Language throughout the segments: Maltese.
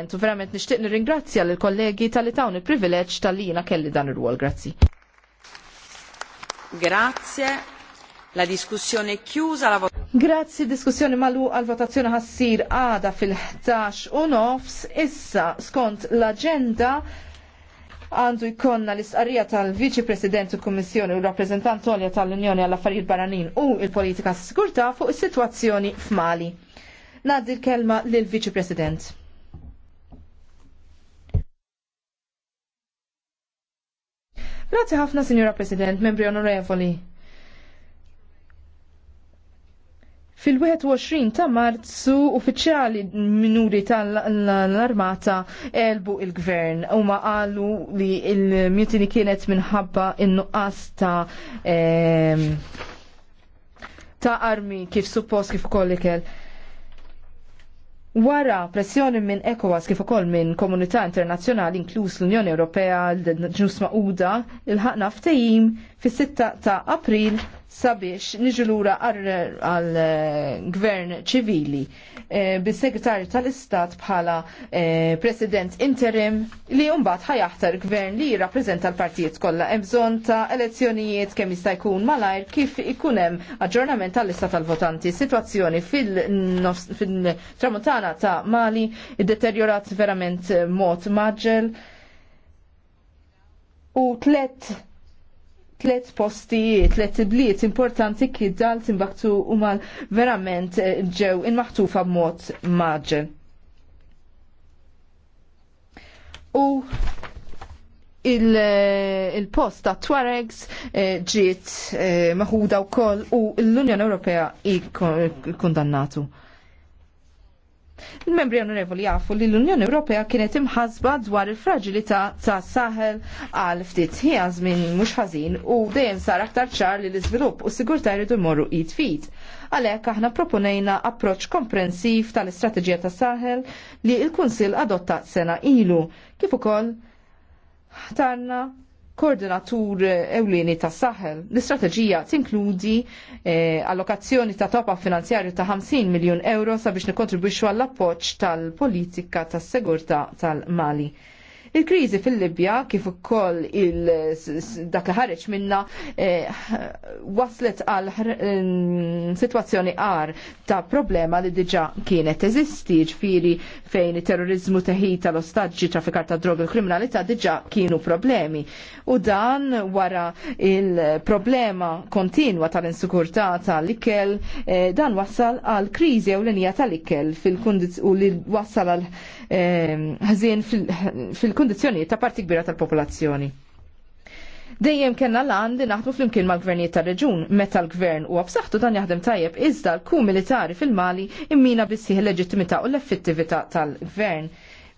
Entu verament nishtiq nirringrazzja lill kollegi tal itawni il-privileġġ tal-li jina kelli dan ir-rwol, grazzi. Grazie. La diskussjoni chiusa. La Grazzi, diskussjoni malu għal-votazzjoni ħassir għada fil-11 u nofs. Issa, skont l-agenda, għandu jkonna l-istqarrija tal-Viċi President u Kummissjoni u rappresentant olja tal-Unjoni għall-Affarijiet Barranin u il-Politika Sigurtà fuq is-sitwazzjoni f'Mali. Nadi l-kelma lill viċi President. Grazzi ħafna, Signora President, membri onorevoli. Fil-21 ta' marzu uffiċjali minuri tal-armata elbu il-gvern u ma qalu li il-mutini kienet minħabba in-nuqqas ta' ehm, ta' armi kif suppost kif kollikel. Wara pressjoni minn ECOWAS kif ukoll minn komunità internazzjonali inkluż l-Unjoni Ewropea l-ġnus Maquda il ħaqna ftehim fis-6 ta' April sabiex niġu lura għal eh, gvern ċivili eh, bis segretarju tal-Istat bħala eh, president interim li jumbat ħajaħtar gvern li jirrappreżenta l-partijiet kollha hemm bżonn ta' elezzjonijiet kemm jista' jkun malajr kif ikun hemm aġġornament tal-lista tal-votanti. Situazzjoni fil-tramuntana ta' Mali deteriorat verament mod maġġel u tlet tlet postijiet, tlet bliet importanti ki dal timbaktu eh, u mal verament eh, ġew inmaħtufa b'mod maġel. U il-post ta' Tuaregs eh, ġiet maħuda u koll u l-Unjoni Ewropea i kondannatu. Il-membri onorevoli jafu li l-Unjoni Ewropea kienet imħasba dwar il-fragilità ta' Sahel għal ftit ħijaż minn mhux ħażin u dejjem sar aktar ċar li l-iżvilupp u sigurtà jridu jmorru id fit. Għalhekk aħna proponejna approċċ komprensiv tal-istrateġija ta' Sahel li l-Kunsill adotta sena ilu kif ukoll ħtarna koordinatur ewlieni ta' saħel. L-istrateġija tinkludi eh, allokazzjoni ta' topa finanzjarju ta' 50 miljon euro sabiex nikontribwixxu għall appoġġ tal-politika tas-segurtà tal mali Il-kriżi fil-Libja kif ukoll dak li ħareġ minna eh, waslet għal situazzjoni għar ta' problema li diġa kienet eżisti ġifiri fejn terrorizmu teħita l-ostaġġi trafikar ta' droga kriminalità diġa kienu problemi. U dan wara il-problema kontinwa tal-insikurtà tal-ikel eh, dan wassal għal kriżi u linja tal-ikel fil-kundiz u li wassal għal eh, ħazin fil-kundiz il-kondizjoniet ta' parti kbira tal-popolazzjoni. Dejjem kena l li naħdmu fl-imkien mal gvernijiet tal-reġun, meta l-gvern u għabsaħtu dan jaħdem tajjeb iżda l-ku militari fil-Mali immina l leġittimità u l-effettività tal-gvern.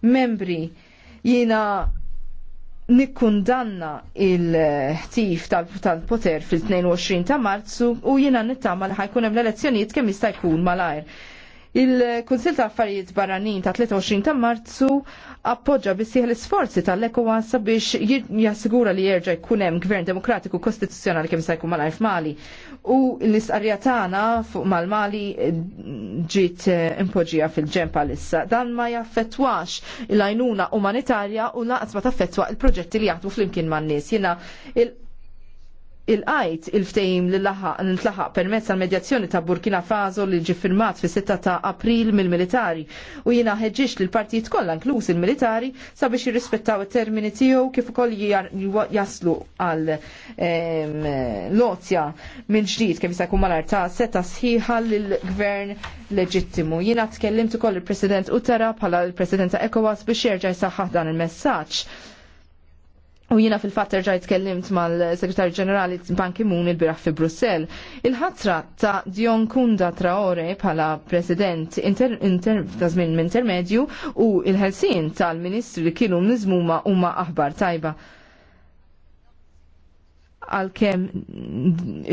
Membri, jina nikkundanna il-ħtif tal-poter fil-22 ta' marzu u jina nittama li ħajkun hemm l elezzjoniet kemm jista' jkun malajr. Il-Kunsil ta' Affarijiet Barranin ta' 23 ta' Marzu appoġġa bissieħ l-isforzi tal-ECOWAS sabiex jassigura li jerġa' jkun hemm gvern demokratiku kostituzzjonali kemm se jkun malajr f'Mali. U l-istqarrija tagħna mal-Mali eh, ġiet eh, impoġija fil-ġempa lissa. Dan ma jaffettwax il-għajnuna umanitarja u laqas ma taffettwa il-proġetti li jaħdmu flimkien man-nies. Jiena il-qajt il-ftejim li l-tlaħaq permezz għal medjazzjoni ta' Burkina Faso li ġi firmat fi 6 ta' april mill-militari u jina ħeġġiex li l-partijiet kollha inkluż il-militari sabiex jirrispettaw it-termini tiegħu kif ukoll jaslu għal lozja minn ġdid kif jista' jkun malar ta' seta sħiħa lill-gvern leġittimu. Jina tkellimt ukoll il-President Uttara bħala l-President ta' ECOWAS biex jerġa' jsaħħaħ dan il-messaġġ U jina fil fatter rġajt tkellimt mal-Segretarju Ġenerali Ban Ki-moon il-biraħ fi Brussel. Il-ħatra ta' Dion Kunda Traore pala President inter, inter, ta' żmien intermedju u il-ħelsin tal-Ministri li kienu nizmuma huma aħbar tajba għal-kem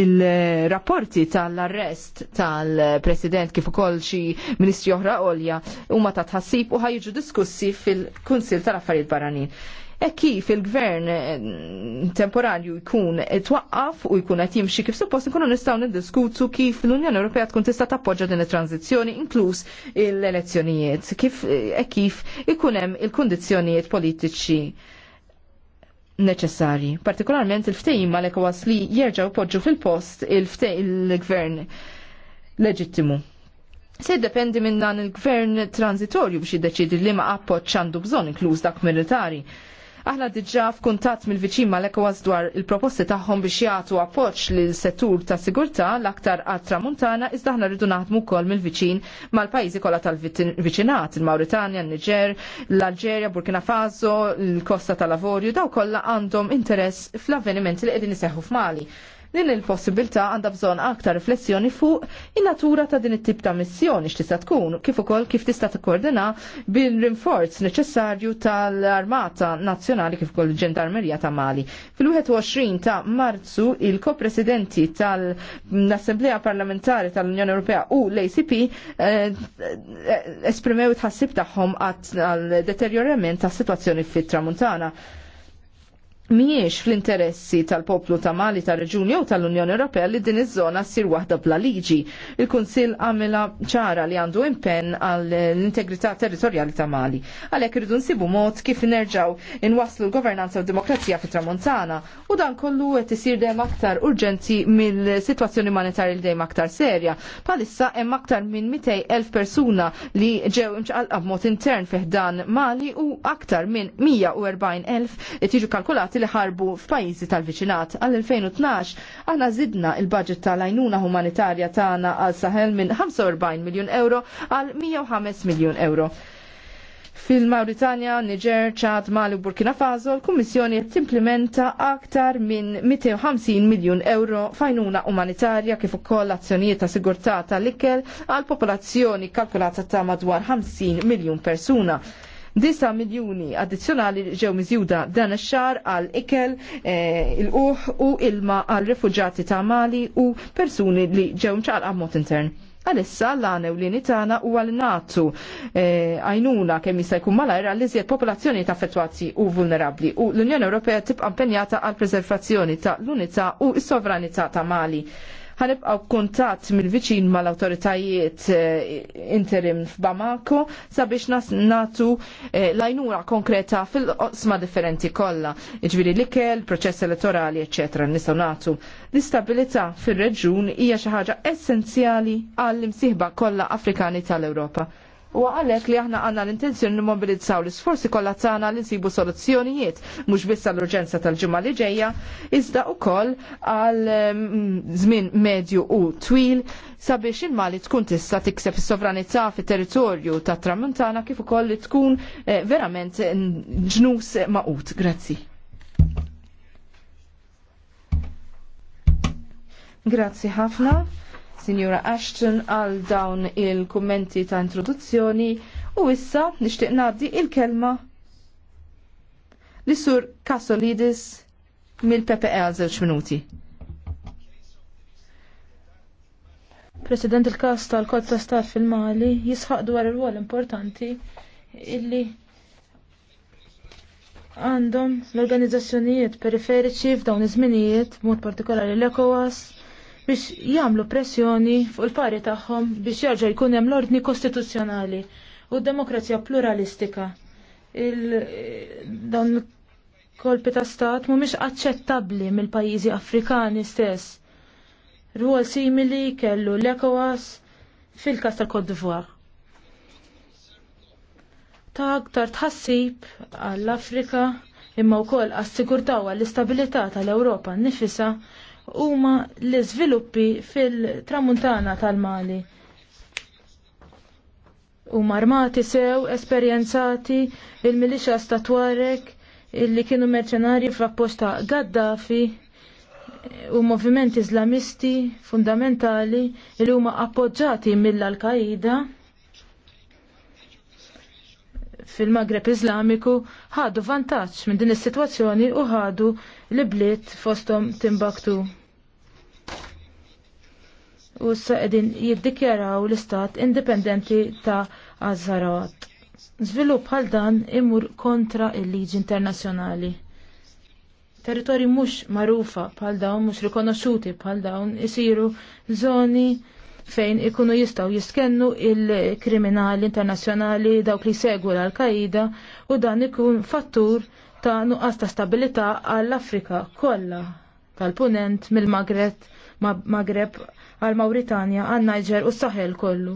il-rapporti tal-arrest tal-president kif ukoll xi ministri oħra għolja huma ta' tħassib u ħajġu diskussi fil-Kunsil tal-Affarijiet Barranin. E kif il-gvern eh, temporanju jkun twaqqaf u jkun qed jimxi kif suppost nkunu nistgħu niddiskutu kif l-Unjoni Ewropea tkun tista' tappoġġa din it-tranzizzjoni inkluż l-elezzjonijiet. Kif eh, e kif ikun hemm il-kundizzjonijiet politiċi neċessarji. Partikolarment il-ftejim għalek was li jerġaw poġġu fil-post il-gvern il leġittimu. Se dependi minn dan il-gvern transitorju biex jiddeċidi li ma appoġġ għandu bżon inkluż dak militari. Aħna diġà f'kuntatt mill-viċin mal ekwas dwar il-proposti tagħhom biex jagħtu appoġġ lill settur ta' sigurtà l-aktar għat-tramuntana iżda aħna rridu naħdmu wkoll mill-viċin mal-pajjiżi kollha tal-viċinat, il mauritania il niġer l-Alġerja, Burkina Faso, l-Kosta tal-Avorju, daw kollha għandhom interess fl-avvenimenti li qegħdin iseħħu f'Mali. Din il-possibilità għandha bżonn aktar riflessjoni fuq in-natura ta' din it-tip ta' missjoni x'tista' tkun, kif ukoll kif tista' tikkoordina bil-rinforz neċessarju tal-Armata Nazzjonali kif ukoll ġendarmerija ta' Mali. Fil-21 ta' Marzu il-ko-presidenti tal-Assemblea Parlamentari tal-Unjoni Ewropea u l-ACP eh, eh, esprimew tħassib tagħhom għal deterjorament ta' situazzjoni fit-Tramuntana miex fl-interessi tal-poplu ta' Mali ta' Reġuni u tal-Unjoni Ewropea li din iż-żona ssir waħda bla liġi. Il-Kunsill għamela ċara li għandu impenn għall integrità territorjali ta' Mali. Għalhekk irridu nsibu mod kif nerġgħu inwaslu l-governanza u demokrazija fit tramontana u dan kollu qed isir dejjem aktar urġenti mill-sitwazzjoni umanitarja li dejjem aktar serja. Palissa hemm aktar minn 200,000 persuna li ġew imċaqalqa b'mod intern fih dan Mali u aktar minn 140,000 qed jiġu kalkulati li ħarbu f'pajjiżi tal-viċinat. Għal-2012 aħna zidna il-budget tal-għajnuna humanitarja tagħna għal Sahel minn 45 miljun euro għal 105 miljun euro. Fil-Mauritania, Niger, Ċad, Mali u Burkina Faso, l-Kummissjoni qed timplementa aktar minn 250 miljun euro fajnuna umanitarja kif ukoll azzjonijiet ta' sigurtà tal-ikel għal popolazzjoni kalkulata ta' madwar 50 miljun persuna. 9 miljuni addizzjonali ġew miżjuda dan ix-xar għal ikel, eh, il-uħ u ilma għal rifuġati ta' Mali u persuni li ġew mċaqal mod intern. Għalissa l-għanew li nitana u għal-natu eh, għajnuna e, kemm jista' jkun malajr għall iżjed popolazzjoni ta' fetwazzi u vulnerabli u l-Unjoni Ewropea tibqa' impenjata għal preservazzjoni ta' l-unità u s-sovranità ta' Mali ħanibqaw kuntatt mill-viċin mal-awtoritajiet eh, interim f'Bamako sabiex nas natu eh, lajnura konkreta fil-qosma differenti kollha, iġviri l-ikel, proċess elettorali, ecc. Nisaw nagħtu. L-istabilità fir-reġjun hija xi ħaġa essenzjali għall imsihba kollha Afrikani tal-Ewropa. U għalek li aħna għanna l-intenzjoni n-mobilizzaw l-isforzi kollha tagħna li nsibu soluzzjonijiet mhux biss l urġenza tal-ġimgħa li ġejja, iżda wkoll għal mm, żmien medju u twil sabiex il-Mali tkun tista' tikseb is-sovranità fit-territorju tat-Tramuntana kif ukoll li tkun eh, verament ġnus maqut. Grazzi. Grazzi ħafna. Signora Ashton għal dawn il-kummenti ta' introduzzjoni u issa nixtieq ngħaddi il-kelma l-sur Kasolidis mill-PPE għal żewġ minuti. President il-kas tal-kod ta' staff fil-Mali jisħaq dwar il-wol importanti illi għandhom l-organizzazzjonijiet periferiċi f'dawn iż-żminijiet, mod partikolari l-ECOWAS, biex jagħmlu pressjoni fuq il-pari tagħhom biex jarġa' jkun hemm l-ordni kostituzzjonali u d-demokrazija pluralistika. dawn kolpi ta' stat mhumiex aċċettabbli mill-pajjiżi Afrikani stess. Rwol simili kellu l-ECOWAS fil-kas tal-Côte d'Ivoire. Ta' aktar tħassib għall-Afrika imma wkoll assigurtaw għall-istabilità tal-Ewropa nifisa huma l-iżviluppi fil-tramuntana tal-Mali. Huma armati sew, esperjenzati, il-milixa statwarek illi kienu merċenari f'apposta Gaddafi u movimenti islamisti fundamentali li huma appoġġati mill-Al-Qaida fil-Magreb Islamiku ħadu vantaġġ minn din is-sitwazzjoni u ħadu li bliet fosthom Timbuktu. U issa qegħdin jiddikjaraw l-istat indipendenti ta' Azzarat. Żvilupp bħal dan imur kontra il-liġi internazzjonali. Territorji mhux magħrufa bħal dawn, mhux rikonoxxuti bħal dawn isiru żoni fejn ikunu jistaw jiskennu il-kriminali internazjonali dawk li segwu l-Al-Qaida u dan ikun fattur ta' nuqqas ta' stabilità għall-Afrika kollha tal-Punent mill-Magreb Magreb għal Mauritania għal Niger u s sahel kollu.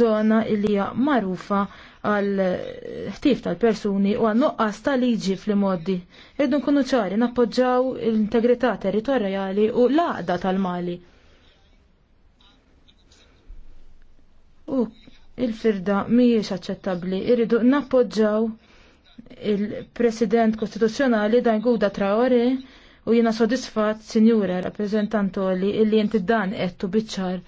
Zona il hija magħrufa għal ħtif tal-persuni u għal nuqqas tal-liġi fl-modi. Irdu nkunu ċari nappoġġaw l-integrità territorjali u l-għaqda tal-Mali. u il-firda mhijiex aċċettabbli. Irridu nappoġġaw il-President Kostituzzjonali dan Guda Traore u jiena sodisfatt Sinjura Rappreżentantoli illi inti dan qed biċċar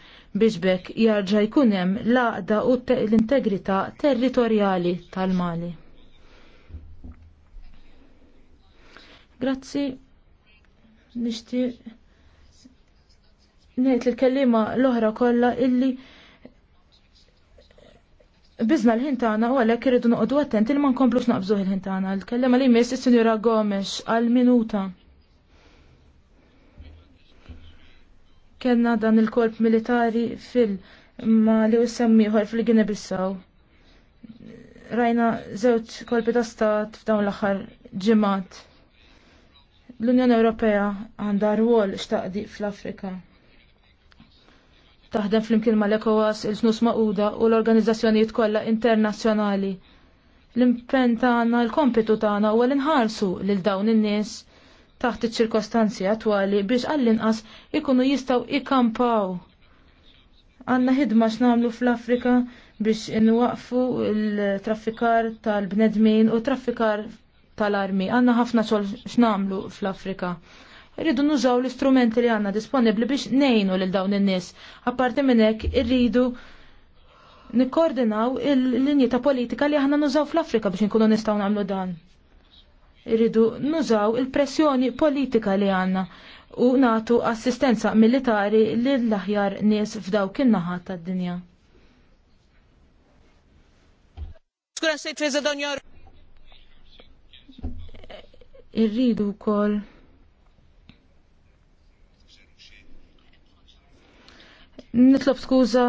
biex bekk jarġa' jkun hemm l-għaqda u l-integrità territorjali tal-Mali. Grazzi. Nishti. Nejt l-kellima l-oħra kolla illi Bizna l-ħintana u għalek irridu noqdu attenti li ma nkomplux naqbżu l-ħintana. L-kellem għalim jessi Sinjora Gomes għal-minuta. Kenna dan il-korp militari fil-ma li u semmiħor fil-Gine Bissaw. Rajna zewċ korpi ta' stat f'dawn l-axar ġimat. L-Unjoni Ewropea għandha rwol xtaqdi fl-Afrika taħdem flimkien mal-ECOWAS, il-snus maquda u l-organizzazzjonijiet kollha internazzjonali. L-impenn tagħna, l-kompitu tagħna huwa l-inħarsu lil dawn in-nies taħt iċ-ċirkostanzi attwali biex għall-inqas ikunu jistgħu ikkampaw. Għanna ħidma x'namlu fl-Afrika biex inwaqfu l traffikar tal-bnedmin u traffikar tal-armi. Għanna ħafna xol x'namlu fl-Afrika. Irridu nużaw l-istrumenti li għanna disponibli biex nejnu lil dawn in-nies. Apparti minn hekk irridu nikkoordinaw il-linji ta' politika li aħna nużaw fl-Afrika biex nkunu nistgħu nagħmlu dan. Irridu nużaw il-pressjoni politika li għanna u natu assistenza militari lill-aħjar nies f'dawk in naħa tad-dinja. Skura sejt Irridu kol. Nitlob skuża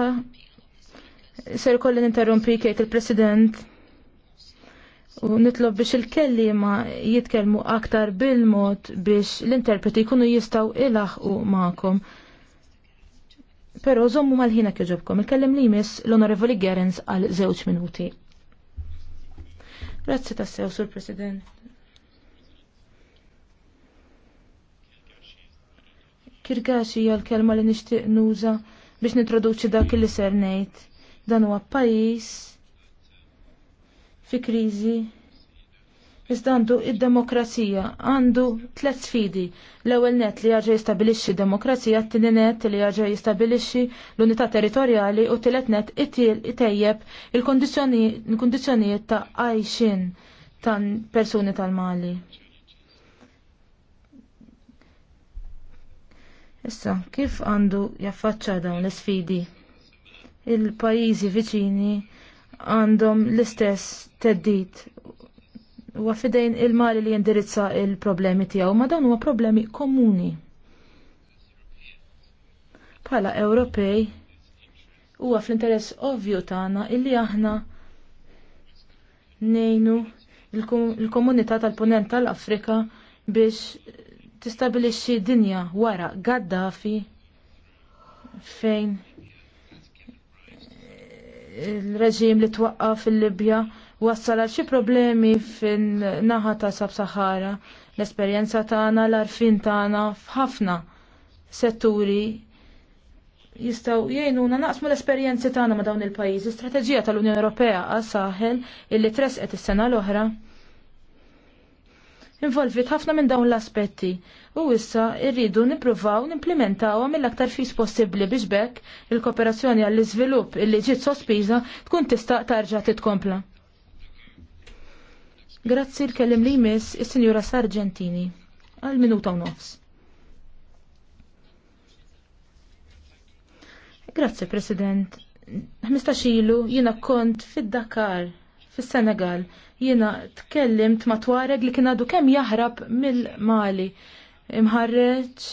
ser kolli ninterrompi kejt il-President u nitlob biex il kelliema jitkellmu aktar bil-mod biex l-interpreti jkunu jistaw ilaħqu ma'kom. Pero zommu mal-ħina kjoġobkom, il-kellim li jmiss l-Onorevoli Gerens għal żewġ minuti. Grazzi tassew, Sur President. Kirgaxi hija l-kelma li nixtieq nuża biex nitroduċi dak li ser ngħid. Dan huwa pajjiż fi kriżi Iżda għandu id-demokrazija, għandu tlet sfidi. L-ewwel net li jaġa jistabilixxi demokrazija, t-tieni net li jaġa jistabilixxi l-unità territorjali u t-tielet net itejjeb il-kondizzjonijiet ta' għajxin tan persuni tal-Mali. Issa, kif għandu jaffaċċa dawn l isfidi il pajjiżi viċini għandhom l-istess teddit u għafidejn il-mali li jindirizza il-problemi tiegħu, ma dawn huwa problemi komuni. Bħala Ewropej huwa fl-interess ovvju tagħna illi aħna nejnu il-komunità tal-ponent tal-Afrika biex tistabilixxi dinja wara Gaddafi fejn il-reġim li twaqqa fil-Libja wassal għal xi problemi fin-naħa ta' Sab-Sahara. L-esperjenza tagħna, l-arfin tagħna f'ħafna setturi jistgħu jgħinuna naqsmu l-esperjenzi tagħna ma' dawn il-pajjiżi. Strateġija tal-Unjoni Ewropea għas-Saħel illi tresqet is-sena l-oħra involvit ħafna minn dawn l-aspetti u issa irridu nippruvaw nimplementaw mill-aktar fis possibbli biex bekk il-kooperazzjoni għall iżvilupp illi ġiet sospiża tkun tista' tarġa' titkompla. Grazzi l-kellim li jmiss is-Sinjura Sargentini għal minuta u nofs. Grazzi, President. 15 ilu jiena kont fid-Dakar fis-Senegal. Jiena tkellimt ma' twareg li kien għadu kemm jaħrab mill-Mali. Imħarreġ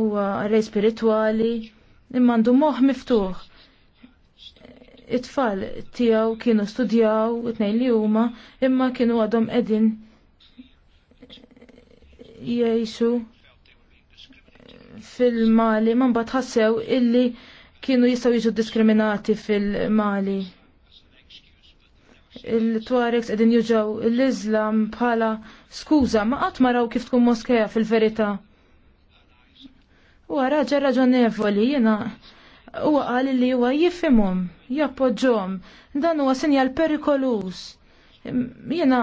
huwa rej spirituali imma għandu moħħ miftuħ. It-tfal tiegħu kienu studjaw it-tnejn li huma imma kienu għadhom qegħdin jgħixu fil-Mali, man bat ħassew illi kienu jistaw jiġu diskriminati fil-Mali il-Tuaregs edin juġaw l izlam bħala skuza ma qatt maraw kif tkun moskeja fil-verità. U għara ġarraġonevoli jiena. u għal li huwa jifimhom, jappoġġhom, dan huwa sinjal perikolus. Jiena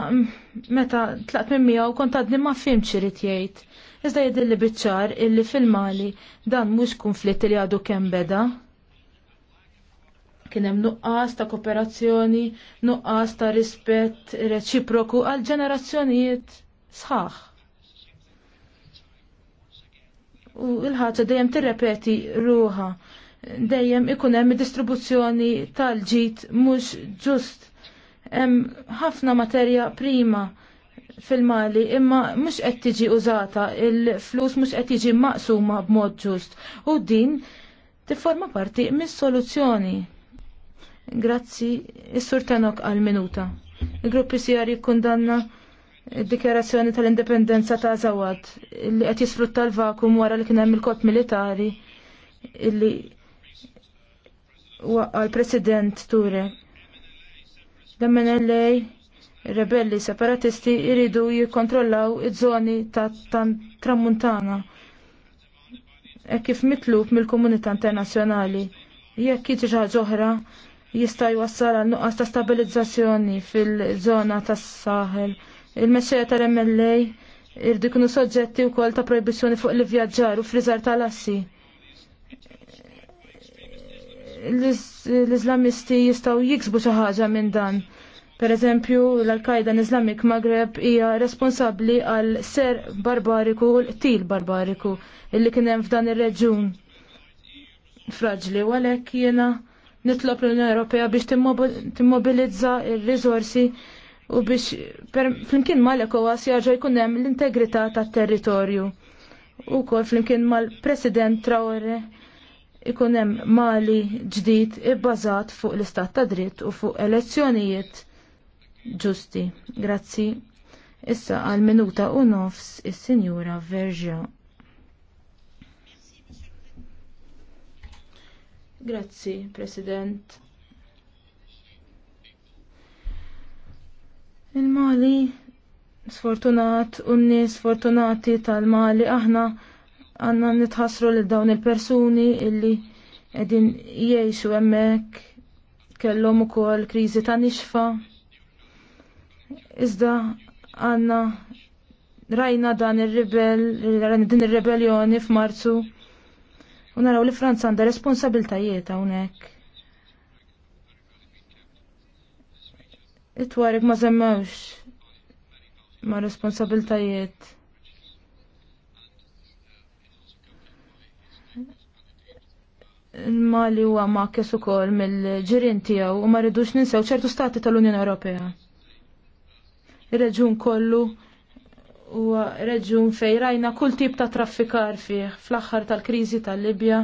meta tlaqt minn miegħu kont għadni ma fimx irid jgħid. Iżda jidilli biċċar illi fil-Mali dan mhux konflitt li għadu kemm beda kien hemm nuqqas ta' kooperazzjoni, nuqqas ta' rispett reċiproku għal ġenerazzjonijiet sħaħ. U l-ħaġa dejjem tirrepeti ruha, dejjem ikun hemm distribuzzjoni tal-ġid mhux ġust. Hemm ħafna materja prima fil-mali imma mhux qed tiġi użata, il-flus mhux qed tiġi maqsuma b'mod ġust. U din tifforma parti mis-soluzzjoni Grazzi, is-sur Tanok għal-minuta. Il-grupp PCR jikkundanna dikjarazzjoni tal-indipendenza ta' Zawad li qed jisfrutta l-vakum wara li kien hemm il kot militari illi waqqa l-President Ture. Demmen lej rebelli separatisti iridu jikkontrollaw iż-żoni ta' tramuntana. E kif mitlub mill-komunità internazzjonali. Jekk jiġi ħaġa oħra, jista' jwassal għal nuqqas ta' stabilizzazzjoni fil-żona tas-Saħel. Il-mexxejja tal-MLA irdu jkunu soġġetti wkoll ta' proibizzjoni fuq l-vjaġġar u friżar tal-assi. L-Iżlamisti jistgħu jiksbu xi ħaġa minn dan. Per eżempju, l-Al-Qaeda Islamic Maghreb hija responsabbli għal ser barbariku u l-qtil barbariku illi kien hemm f'dan ir-reġjun. Fraġli, u għalhekk jiena nitlob l-Unjoni Ewropea biex timmobilizza il-rizorsi u biex flimkien mal-ECOWAS jarġa jkun hemm l-integrità tat-territorju. U kol flimkien mal-President Traore ikun hemm Mali ġdid ibbażat fuq l-istat ta' dritt u fuq elezzjonijiet ġusti. Grazzi. Issa għal minuta u nofs is-Sinjura Verġa. Grazzi, President. Il-Mali sfortunat u sfortunati tal-Mali aħna għanna nitħasru li dawn il-persuni illi edin jiexu emmek kellhom ukoll kriżi ta' nixfa. Iżda għanna rajna dan ir-ribel, din ir-rebellioni f'Marzu U naraw li Franza għandha responsabiltajiet hawnhekk. it ma żemmewx ma' responsabiltajiet. il-Mali huwa kes ukoll mill-ġirien tiegħu u ma rridux ninsew ċertu stati tal-Unjoni Ewropea. Ir-reġun kollu huwa reġjun fejn rajna kull tip ta' traffikar fih fl-aħħar tal-kriżi tal-Libja.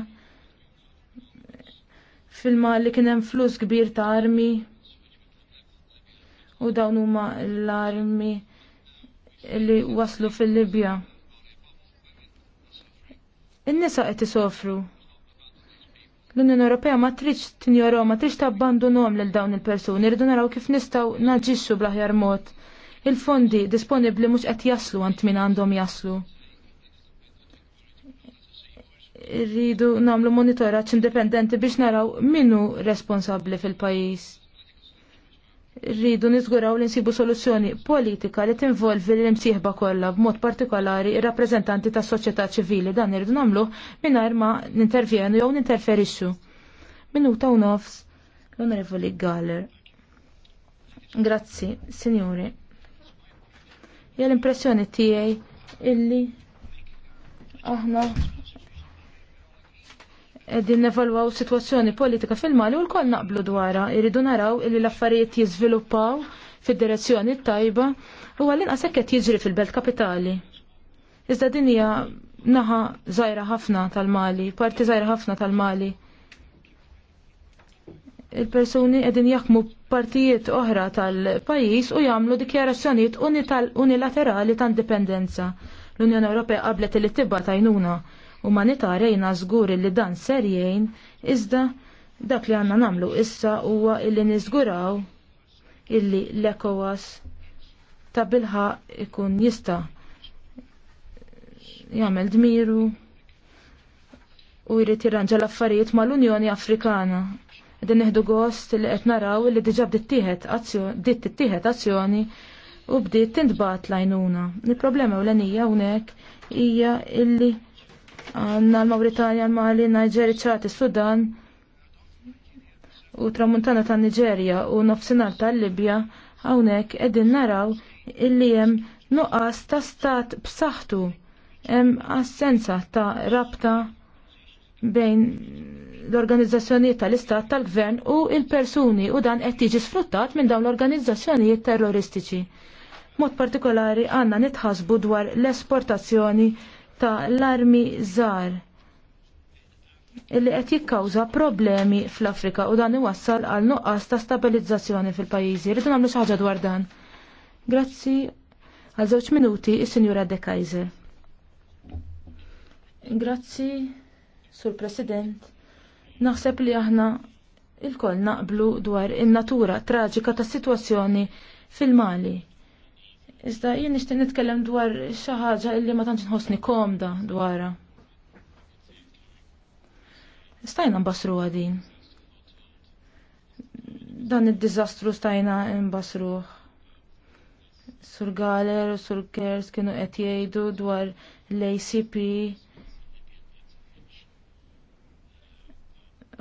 Filma li kien hemm flus kbir ta' armi u dawn huma l-armi li waslu fil-Libja. In-nisa qed isofru. L-Unjoni Ewropea ma tridx tinjorhom, ma tridx tabbandunhom lil dawn il-persuni, irridu naraw kif nistgħu naġixxu bl-aħjar mod il-fondi disponibli mhux qed jaslu għant min għandhom jaslu. Rridu nagħmlu monitoraġġ indipendenti biex naraw minnu responsabbli fil-pajjiż. Rridu niżguraw li nsibu soluzzjoni politika li tinvolvi l-imsieħba kollha b'mod partikolari ir-rappreżentanti tas-soċjetà ċivili dan irridu nagħmluh mingħajr ma nintervjenu jew ninterferixxu. Minuta u nofs l-Onorevoli Galler. Grazzi, signori hija l-impressjoni tiegħi illi aħna qegħdin nevalwaw sitwazzjoni politika fil-Mali u lkoll naqblu dwarha Iridu naraw illi l-affarijiet jiżviluppaw fid-direzzjoni tajba u għallin inqas jizri qed jiġri fil-Belt Kapitali. Iżda din hija naħa żgħira ħafna tal-Mali, parti żgħira ħafna tal-Mali il-persuni edin jaħmu partijiet oħra tal-pajis u jagħmlu dikjarazzjonijiet unilaterali ta' indipendenza. L-Unjoni Ewropea qablet li tibba tajnuna umanitarja jina żgur li dan ser jgħin iżda dak li għandna nagħmlu issa huwa illi niżguraw illi l-ECOWAS ta' bilħa ikun jista' jagħmel dmiru u jrid jirranġa l-affarijiet mal-Unjoni Afrikana Din neħdu gost li qed naraw li diġab bdiet tittieħed azzjoni u bdiet tintbat lajnuna. Il-problema ewlenija hawnhekk hija illi għandna l-Mawritanja, l-Mali, Nigeria, ċati, Sudan u tramuntana tan Niġerja u nofsinhar tal-Libja hawnhekk qegħdin naraw illi hemm nuqqas ta' stat b'saħħtu hemm assenza ta' rabta bejn l-organizzazzjonijiet tal-istat tal-gvern u il-persuni u dan qed jiġi sfruttat minn dawn l-organizzazzjonijiet terroristiċi. Mod partikolari għandna nitħasbu dwar l-esportazzjoni ta' l-armi żgħar illi qed jikkawża problemi fl-Afrika u dan iwassal għal nuqqas ta' stabilizzazzjoni fil-pajjiżi. Rridu nagħmlu xi ħaġa dwar dan. Grazzi għal żewġ minuti is-Sinjura De Kaiser. Grazzi. Sur President, naħseb li aħna il-koll naqblu dwar in-natura traġika ta' situazzjoni fil-Mali. Iżda jien nixtieq nitkellem dwar xi ħaġa li ma tantx nħossni komda dwarha. Stajna nbassru għadin. Dan id-diżastru stajna nbassruh. Sur Galer, Sur Kers kienu qed jgħidu dwar l-ACP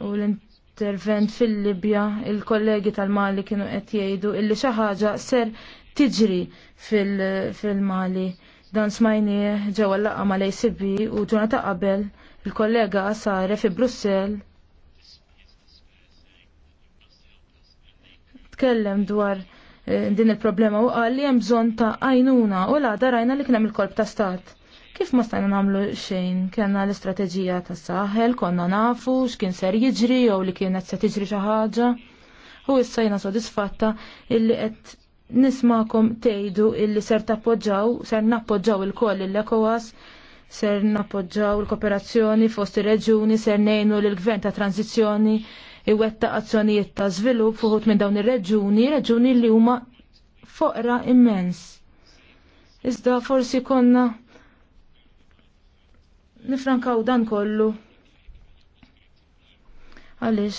u l-intervent fil-Libja, il-kollegi tal-Mali kienu qed jgħidu illi xi ħaġa ser tiġri fil-Mali. Dan smajni ġewwa laqgħa ma l-ACB u ġurnata qabel il-kollega Sare fi Brussell tkellem dwar eh, din il-problema u qal li hemm bżonn ta' għajnuna u la rajna li kien hemm il-kolb ta' stat Kif ma stajna namlu xejn, kena l-istrateġija ta' saħel, konna nafu x'kien ser jiġri jew li kienet se tiġri xi ħaġa. U issa jiena sodisfatta illi qed nismakom tgħidu illi ser tappoġġaw, ser nappoġġaw il-koll il-ECOWAS, ser nappoġġaw il-kooperazzjoni fost ir-reġuni, ser nejnu l-gvern ta' tranzizzjoni iwetta azzjonijiet ta' żvilupp fuħut minn dawn ir-reġuni, reġuni li huma foqra immens. Iżda forsi konna nifrankaw dan kollu għalix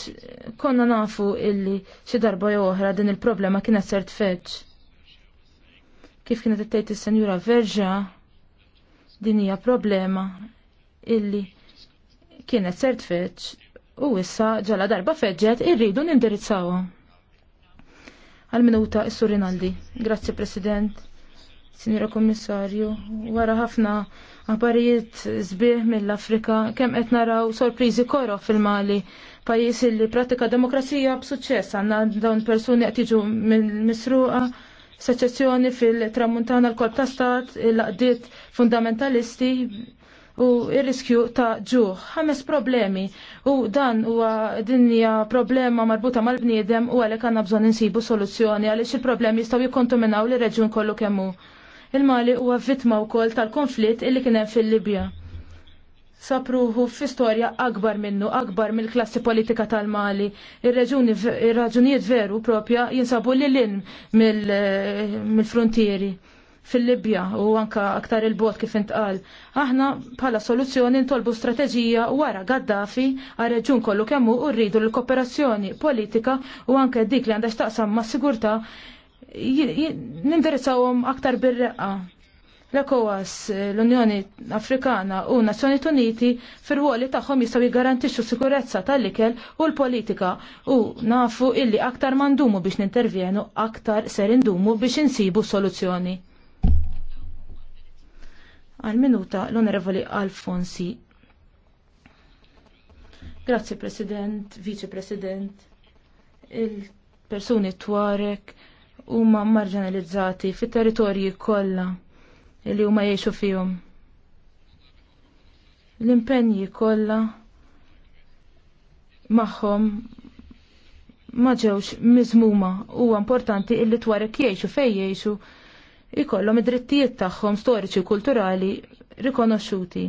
konna nafu illi xi darba oħra din il-problema kienet sert feċ. Kif kienet tejt is-Senjura Verġa din hija problema illi kienet sert feċ u issa ġala darba feġġet irridu nindirizzawha. Għal-minuta is surinaldi Grazzi President, Sinjura Kommissarju, wara ħafna aħbarijiet zbieħ mill-Afrika, kemm qed naraw sorpriżi koro fil-Mali, pajjiż li pratika demokrazija b'suċċess għandna dawn persuni qed jiġu mill-misruqa, seċessjoni fil-tramuntana l-kolb ta' stat, il-laqdiet fundamentalisti, u il-riskju ta' ġuħ. Ħames problemi u dan huwa dinja problema marbuta mal-bniedem u għalek għanna bżon insibu soluzzjoni għalix il-problemi jistaw jikontuminaw li reġun kollu kemmu. Il-Mali huwa vittma wkoll tal-konflitt illi kien hemm fil-Libja. Sapruħu f'istorja akbar minnu, akbar mill-klassi politika tal-Mali. Ir-raġunijiet veru propja jinsabu li l-in mill-frontieri fil-Libja u anka aktar il-bot kif intqal. Aħna bħala soluzzjoni ntolbu strateġija wara Gaddafi għal reġun kollu kemmu u rridu l-kooperazzjoni politika u anke dik li għandha taqsam ma' sigurta Ninteressawhom aktar bir-reqqa. L-ECOWAS, l-Unjoni Afrikana u Nazzjoni Uniti fir-ruoli tagħhom jistgħu jgarantixxu sikurezza tal-ikel u l-politika u nafu illi aktar mandumu biex nintervjenu aktar ser indumu biex insibu soluzzjoni. Għal minuta l-Onorevoli Alfonsi. Grazie President, Vice President, il-persuni twarek huma marġinalizzati fit-territorji kollha li huma jgħixu fihom. L-impenji kollha magħhom ma ġewx miżmuma huwa importanti illi twarek jgħixu fejn jgħixu ikollhom id-drittijiet tagħhom storiċi kulturali rikonoxxuti.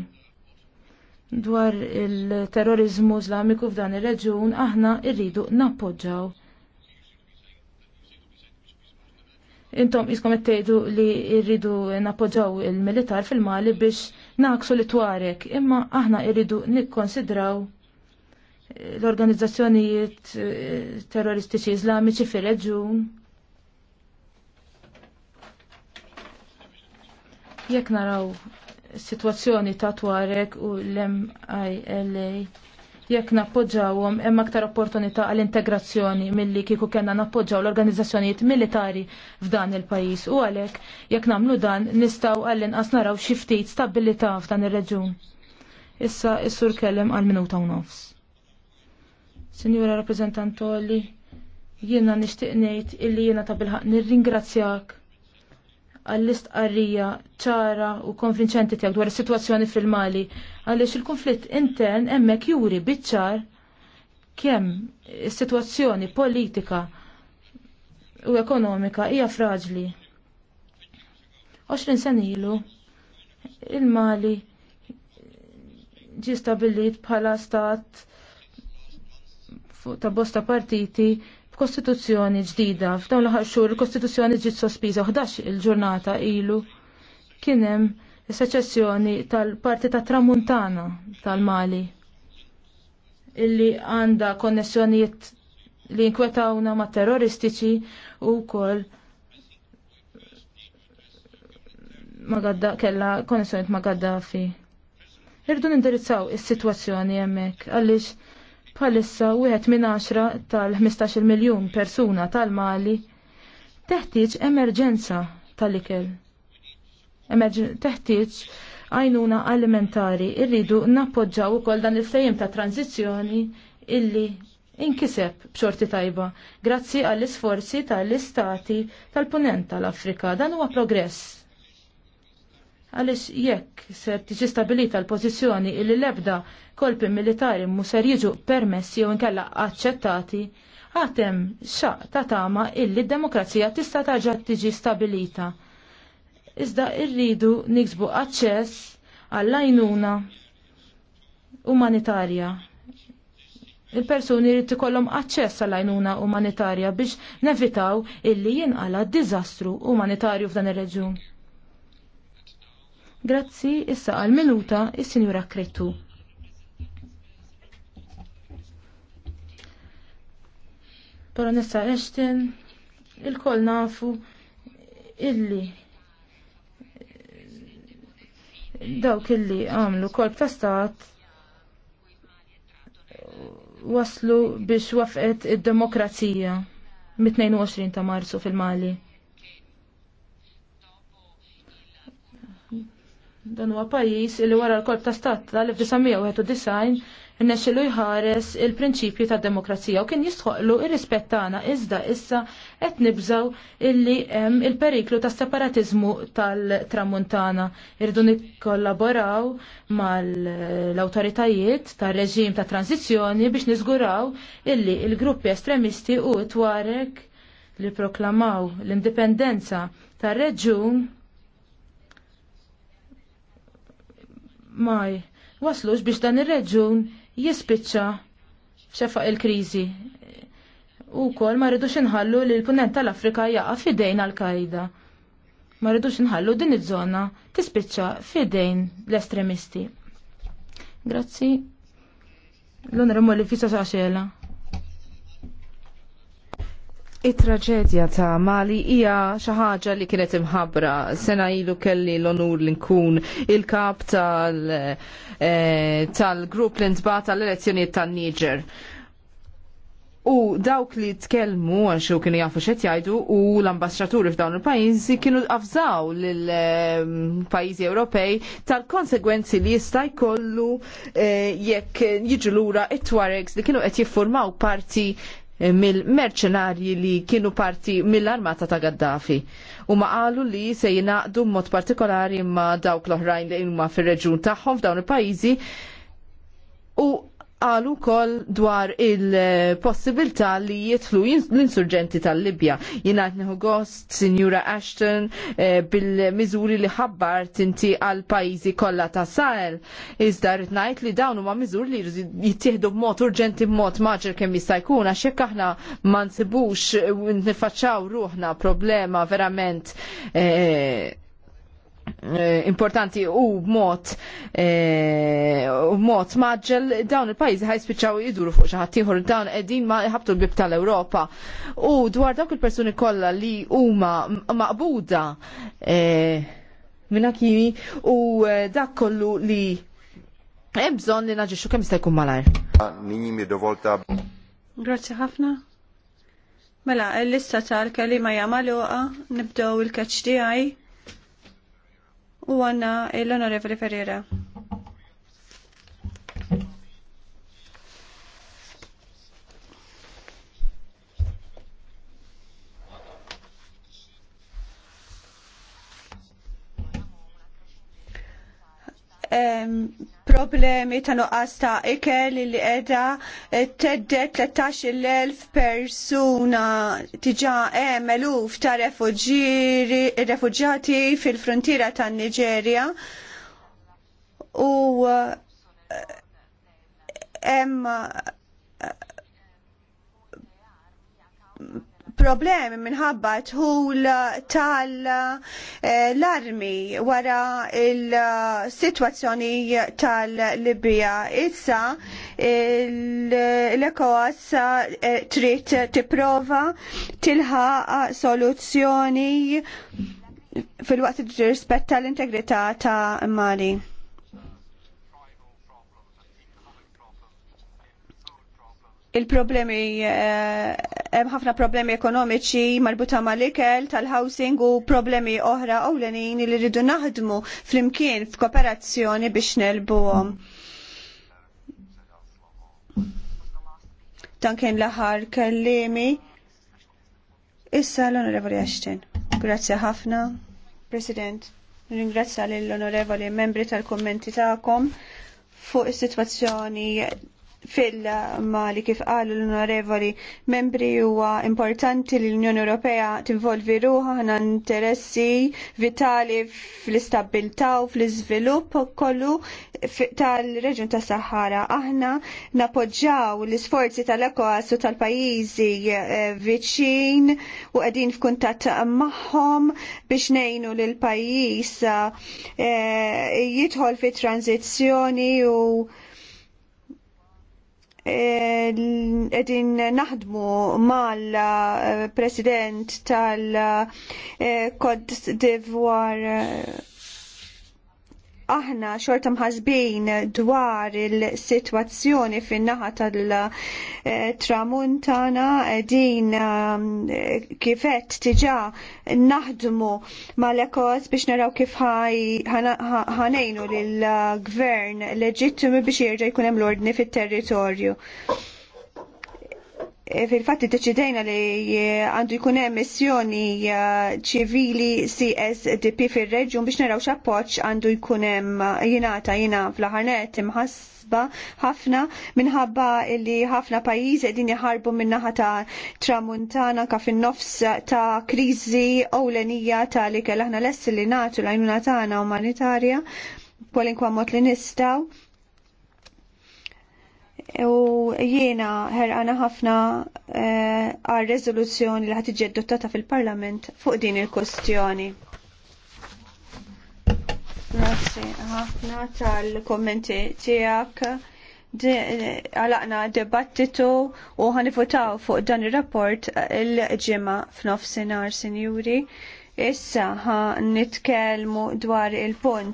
Dwar il-terrorizmu Islamiku f'dan ir-reġjun aħna rridu nappoġġaw intom jiskom tgħidu li rridu napoġaw il-militar fil-Mali biex naqsu li twarek, imma aħna rridu nikkonsidraw l-organizzazzjonijiet eh, terroristiċi iżlamiċi fir-reġjun. Jekk naraw situazzjoni ta' twarek u l-MILA jekk nappoġġawhom hemm aktar opportunità għall-integrazzjoni milli kieku kellna nappoġġaw l-organizzazzjonijiet militari f'dan il-pajjiż u għalhekk jekk nagħmlu dan nistgħu għall-inqas naraw xi ftit stabbilità f'dan ir-reġun. Issa s-sur kellem għal minuta u nofs. Sinjura rappreżentantoli, jiena nixtieq ngħid illi jiena ta' bilħaq nirringrazzjak għall-istqarrija ċara u konvinċenti tiegħek dwar is-sitwazzjoni fil-Mali għaliex il-konflitt intern hemmhekk juri biċ-ċar kemm is-sitwazzjoni politika u ekonomika hija fraġli. 20 sen ilu il-Mali ġi stabilit bħala stat ta' bosta partiti f'kostituzzjoni ġdida. F'dawn l ħar xhur il-kostituzzjoni ġiet sospiża 11 il-ġurnata ilu kien hemm is-seċessjoni tal-parti tat Tramuntana tal-Mali illi għandha konnessjonijiet li inkwetawna ma' terroristiċi u wkoll ma' gadda kella konnessjonijiet ma' Gaddafi. Irdu nindirizzaw is-sitwazzjoni hemmhekk għaliex Bħalissa wieħed minn 10 tal-15 miljun persuna tal-Mali teħtieġ emerġenza tal-ikel. Teħtieġ għajnuna alimentari irridu nappoġġaw ukoll dan il sejjem ta' tranzizzjoni illi inkiseb b'xorti tajba grazzi għall-isforzi tal-istati tal-punent tal-Afrika. Dan huwa progress għaliex jekk se tiġi stabilita l-pożizzjoni li l-ebda kolpi militari mu ser jiġu permessi jew nkella aċċettati, għatem xaq ta' tama illi d-demokrazija tista' taġa' tiġi stabilita. Iżda irridu niksbu aċċess għall lajnuna umanitarja. Il-persuni jrid ikollhom aċċess għall lajnuna umanitarja biex nevitaw illi jinqala diżastru umanitarju f'dan ir-reġjun. Grazzi, issa għal-minuta, il-Sinjura Kretu. nissa Ashton, il-koll nafu illi dawk illi għamlu kol tastat, waslu biex wafqet id-demokrazija mit-22 ta' marzu fil-Mali. Dan huwa pajjiż li wara l-Korp ta' Stat tal-1991 irnexxilu jħares il-prinċipju tad-demokrazija u kien jistħoqlu ir-rispett tagħna iżda issa qed nibżgħu illi hemm il-periklu tas separatiżmu tal-Tramuntana. Irdu nikkollaboraw mal-awtoritajiet tar-reġim ta' tranzizzjoni biex niżguraw illi il-gruppi estremisti u twarek li proklamaw l-indipendenza tar-reġjun maj waslux biex dan ir-reġun jispiċċa x'efaq il-kriżi. U kol ma rridux inħallu li l-punent tal-Afrika jaqa' fidejn għal-Kajda. Ma rridux inħallu din iż-żona tispiċċa fidejn l-estremisti. Grazzi. L-onorevoli Fisa Saxela it-traġedja ta' Mali hija xi ħaġa li kienet imħabbra. Sena ilu kelli l-onur li nkun il-kap eh, tal-grupp li ntbata tal-elezzjonijiet tan-Niġer. U dawk li tkellmu u kienu jafu xet jajdu u l ambasġaturi f'dawn il-pajizi kienu għafżaw l-pajizi eh, Ewropej tal-konsegwenzi li jista' jkollu eh, jekk jiġu lura it twaregs li kienu qed jiffurmaw parti Eh, mill-merċenarji li kienu parti mill-armata ta' Gaddafi. U ma qalu li se jinaqdu mod partikolari ma dawk l-oħrajn li huma fir-reġun tagħhom f'dawn il-pajjiżi u għalu kol dwar il-possibilità li jitlu l-insurġenti tal-Libja. Jinaħt neħu gost, Signora Ashton, eh, bil-mizuri li ħabbar tinti għal pajizi kolla ta' Sahel. Iżda rritnajt li dawn huma miżuri li jittieħdu b'mod urġenti b'mod maġer kemm jista' jkun għax jekk aħna ma nsibux eh, nifaċċaw ruħna problema verament eh, Eh, importanti u eh, u mod maġġel dawn il-pajjiżi ħajspiċċaw jiduru fuq xi ħadd ieħor dawn qegħdin ma jħabtu l-bib tal-Ewropa. U dwar dawk il-persuni kollha li huma maqbuda eh, minna kimi u dak kollu li hemm bżonn li naġixxu kemm jista' jkun malajr. Ah, dovolta. Grazzi ħafna. Mela, l-lista tal-kelima jagħmaluqa nibdow il-catch u għanna l-Onorevoli Ferreira. problemi ta' nuqqas ta' ikel li edha eh, teddet 13.000 persuna tiġa hemm eh, eluf ta' refuġjati fil-frontiera tan Niġerja u hemm eh, problemi minħabba tħul tal-armi wara il-situazzjoni tal-Libja. Issa l-ECOWAS eh, trid tipprova tilħaq soluzzjoni fil-waqt rispetta l-integrità ta' Mali. il-problemi eh, hemm ħafna problemi ekonomiċi marbuta mal-ikel tal-housing u problemi oħra ewlenin li rridu naħdmu flimkien f'kooperazzjoni biex nelbuhom. Dan kien l-aħħar kellimi. Issa l-Onorevoli Ashton. Grazzi ħafna, President. Ringrazzja lill onorevoli membri tal-kommenti tagħkom fuq is-sitwazzjoni fil-Mali kif qal l-onorevoli membri huwa importanti li l-Unjoni Ewropea tinvolvi ruħa ħana interessi vitali fl-istabilità u fl-iżvilupp kollu tal-reġun ta' Sahara. Aħna napoġġaw l-isforzi tal-ECOAS u tal-pajjiżi eh, viċin u qegħdin f'kuntatt magħhom biex ngħinu lill pajjiż eh, jidħol fit tranzizzjoni u edin naħdmu mal-president tal-Kod d'Ivoire aħna xorta mħazbin dwar il-situazzjoni fin-naħa tal-tramuntana din um, kifet tiġa naħdmu mal-ekos biex naraw kif ħanejnu lill-gvern leġittimi biex jirġa' jkun hemm l-ordni fit-territorju. E, fil-fatti deċidejna li għandu jkun hemm missjoni ċivili CSDP fir-reġjun biex naraw x'appoġġ għandu jkun hemm jingħata jiena fl-aħħar imħasba imħassba ħafna minħabba li ħafna pajjiżi qegħdin jaħarbu min-naħa ta' tramuntana ka fin-nofs ta' kriżi ewlenija ta' li kell aħna lest li nagħtu l-għajnuna tagħna umanitarja kwalinkwa mod li nistgħu U jiena ħerqana ħafna eh, għal rezoluzzjoni li ħatiġi adottata fil-Parlament fuq din il-kwestjoni. Grazzi ħafna tal-kommenti tiegħek għalaqna debattitu u ħanifutaw fuq dan il-rapport il ġimgħa f'nofsinhar, sinjuri. Issa ħa nitkellmu dwar il-punt.